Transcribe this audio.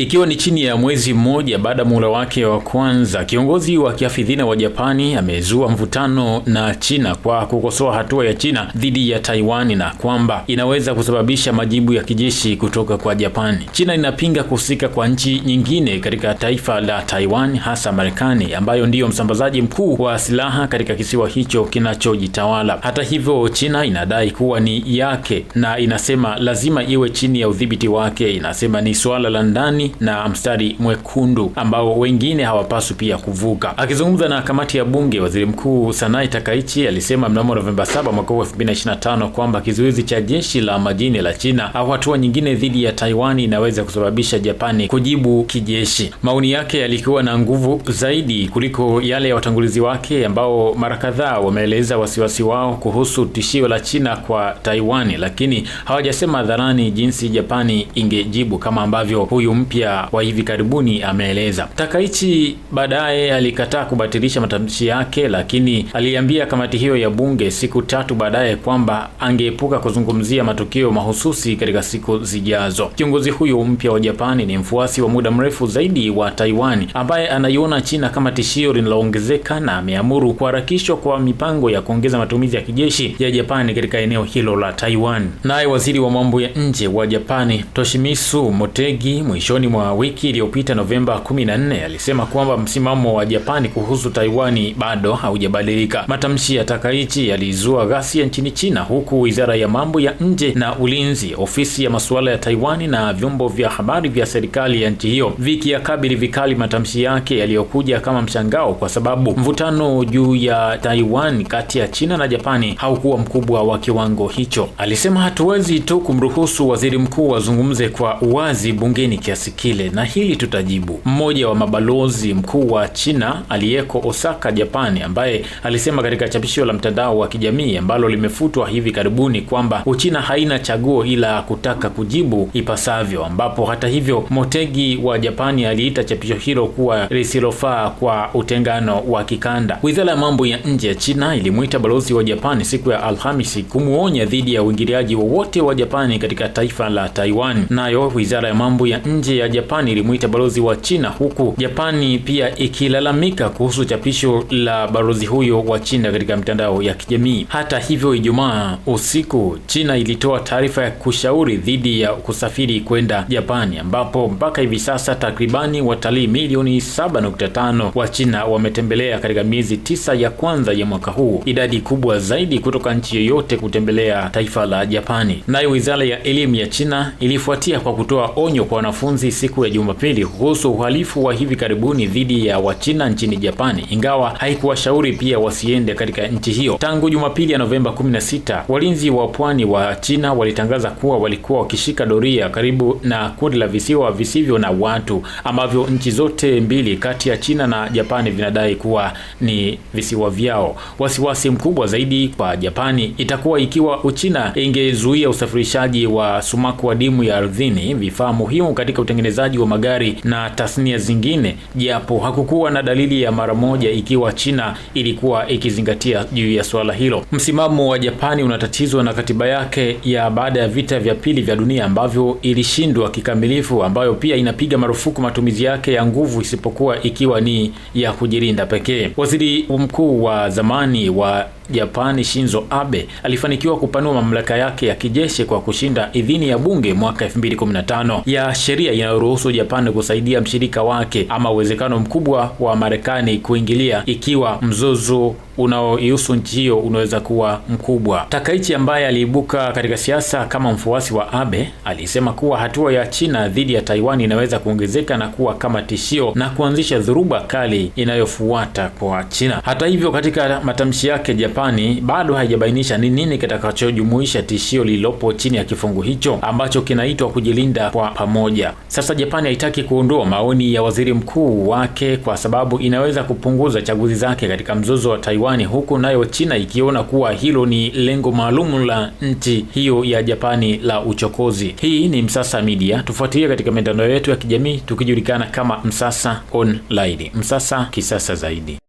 Ikiwa ni chini ya mwezi mmoja baada ya muhula wake wa kwanza, kiongozi wa kiafidhina wa Japani amezua mvutano na China kwa kukosoa hatua ya China dhidi ya Taiwan na kwamba inaweza kusababisha majibu ya kijeshi kutoka kwa Japani. China inapinga kuhusika kwa nchi nyingine katika taifa la Taiwan, hasa Marekani ambayo ndiyo msambazaji mkuu wa silaha katika kisiwa hicho kinachojitawala. Hata hivyo, China inadai kuwa ni yake na inasema lazima iwe chini ya udhibiti wake. Inasema ni suala la ndani na mstari mwekundu ambao wengine hawapaswi pia kuvuka. Akizungumza na kamati ya bunge, waziri mkuu Sanai Takaichi alisema mnamo Novemba 7 mwaka 2025 kwamba kizuizi cha jeshi la majini la China au hatua nyingine dhidi ya Taiwan inaweza kusababisha Japani kujibu kijeshi. Maoni yake yalikuwa na nguvu zaidi kuliko yale ya watangulizi wake ambao mara kadhaa wameeleza wasiwasi wao kuhusu tishio la China kwa Taiwan, lakini hawajasema hadharani jinsi Japani ingejibu kama ambavyo huyu mpya mpya wa hivi karibuni ameeleza. Takaichi baadaye alikataa kubatilisha matamshi yake, lakini aliambia kamati hiyo ya bunge siku tatu baadaye kwamba angeepuka kuzungumzia matukio mahususi katika siku zijazo. Kiongozi huyo mpya wa Japani ni mfuasi wa muda mrefu zaidi wa Taiwan ambaye anaiona China kama tishio linaloongezeka na ameamuru kuharakishwa kwa mipango ya kuongeza matumizi ya kijeshi ya Japani katika eneo hilo la Taiwan. Naye waziri wa mambo ya nje wa Japani Toshimitsu Motegi mwishoni mwishoni mwa wiki iliyopita Novemba 14 alisema kwamba msimamo wa Japani kuhusu Taiwani bado haujabadilika. Matamshi ya Takaichi yalizua ghasia nchini China, huku wizara ya mambo ya nje na ulinzi, ofisi ya masuala ya Taiwani na vyombo vya habari vya serikali ya nchi hiyo vikiyakabili vikali matamshi yake yaliyokuja kama mshangao, kwa sababu mvutano juu ya Taiwan kati ya China na Japani haukuwa mkubwa wa kiwango hicho. Alisema hatuwezi tu kumruhusu waziri mkuu wazungumze kwa uwazi bungeni kiasi kiasi kile, na hili tutajibu. Mmoja wa mabalozi mkuu wa China aliyeko Osaka, Japani, ambaye alisema katika chapisho la mtandao wa kijamii ambalo limefutwa hivi karibuni kwamba Uchina haina chaguo ila kutaka kujibu ipasavyo, ambapo hata hivyo Motegi wa Japani aliita chapisho hilo kuwa lisilofaa kwa utengano wa kikanda. Wizara ya mambo ya nje ya China ilimwita balozi wa Japani siku ya Alhamisi kumwonya dhidi ya uingiliaji wowote wa, wa Japani katika taifa la Taiwan. Nayo wizara ya mambo ya nje ya Japani ilimuita balozi wa China, huku Japani pia ikilalamika kuhusu chapisho la balozi huyo wa China katika mitandao ya kijamii. Hata hivyo, Ijumaa usiku China ilitoa taarifa ya kushauri dhidi ya kusafiri kwenda Japani, ambapo mpaka hivi sasa takribani watalii milioni 7.5 wa China wametembelea katika miezi tisa ya kwanza ya mwaka huu, idadi kubwa zaidi kutoka nchi yoyote kutembelea taifa la Japani. Nayo wizara ya elimu ya China ilifuatia kwa kutoa onyo kwa wanafunzi siku ya Jumapili kuhusu uhalifu wa hivi karibuni dhidi ya Wachina nchini Japani, ingawa haikuwashauri pia wasiende katika nchi hiyo. Tangu Jumapili ya Novemba 16, walinzi wa pwani wa China walitangaza kuwa walikuwa wakishika doria karibu na kundi la visiwa visivyo na watu ambavyo nchi zote mbili kati ya China na Japani vinadai kuwa ni visiwa vyao. Wasiwasi mkubwa zaidi kwa Japani itakuwa ikiwa Uchina ingezuia usafirishaji wa sumaku adimu ya ardhini, vifaa muhimu katika utengenezaji wa magari na tasnia zingine, japo hakukuwa na dalili ya mara moja ikiwa China ilikuwa ikizingatia juu ya suala hilo. Msimamo wa Japani unatatizwa na katiba yake ya baada ya vita vya pili vya dunia ambavyo ilishindwa kikamilifu, ambayo pia inapiga marufuku matumizi yake ya nguvu isipokuwa ikiwa ni ya kujilinda pekee. Waziri mkuu wa zamani wa Japani Shinzo Abe alifanikiwa kupanua mamlaka yake ya kijeshi kwa kushinda idhini ya bunge mwaka 2015 ya sheria inayoruhusu Japani kusaidia mshirika wake ama uwezekano mkubwa wa Marekani kuingilia ikiwa mzozo unaoihusu nchi hiyo unaweza kuwa mkubwa. Takaichi ambaye aliibuka katika siasa kama mfuasi wa Abe alisema kuwa hatua ya China dhidi ya Taiwan inaweza kuongezeka na kuwa kama tishio na kuanzisha dhuruba kali inayofuata kwa China. Hata hivyo, katika matamshi yake, Japani bado haijabainisha ni nini kitakachojumuisha tishio lililopo chini ya kifungu hicho ambacho kinaitwa kujilinda kwa pamoja. Sasa Japani haitaki kuondoa maoni ya waziri mkuu wake kwa sababu inaweza kupunguza chaguzi zake katika mzozo wa Taiwan Taiwani, huku nayo China ikiona kuwa hilo ni lengo maalum la nchi hiyo ya Japani la uchokozi. Hii ni Msasa Media, tufuatilie katika mitandao yetu ya kijamii tukijulikana kama Msasa Online. Msasa kisasa zaidi.